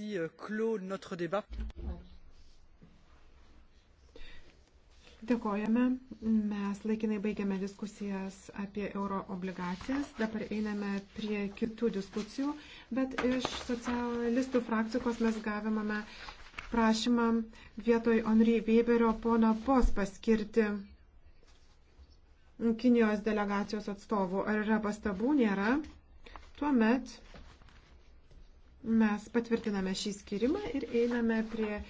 ainsi euh, clos notre débat. Dėkojame. Mes laikinai baigiame diskusijas apie euro obligacijas. Dabar einame prie kitų diskusijų, bet iš socialistų frakcijos mes gavimame prašymą vietoj Onry Weberio pono pos paskirti Kinijos delegacijos atstovų. Ar yra pastabų? Nėra. Tuomet Mes patvirtiname šį skirimą ir einame prie